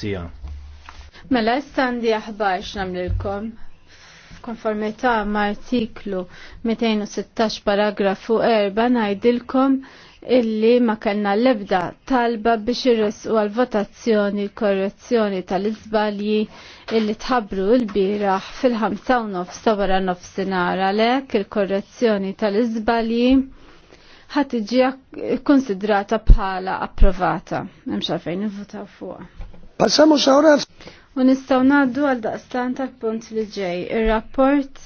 sija. Mela, istandi aħbar x'namlilkom konformità ma' artiklu 216 paragrafu 4 ngħidilkom illi ma kellna l-ebda talba biex irrisqu għal votazzjoni korrezzjoni tal-izbalji illi tħabru l-biraħ fil-5 nofs ta' nofsinhar għalhekk il-korrezzjoni tal-izbalji ħadd iġi konsidrata bħala approvata. Hemm xalfejn votaw fuqha. Passamos ahora. Unistaw naddu għal daqstan tal-punt li ġej. Il-rapport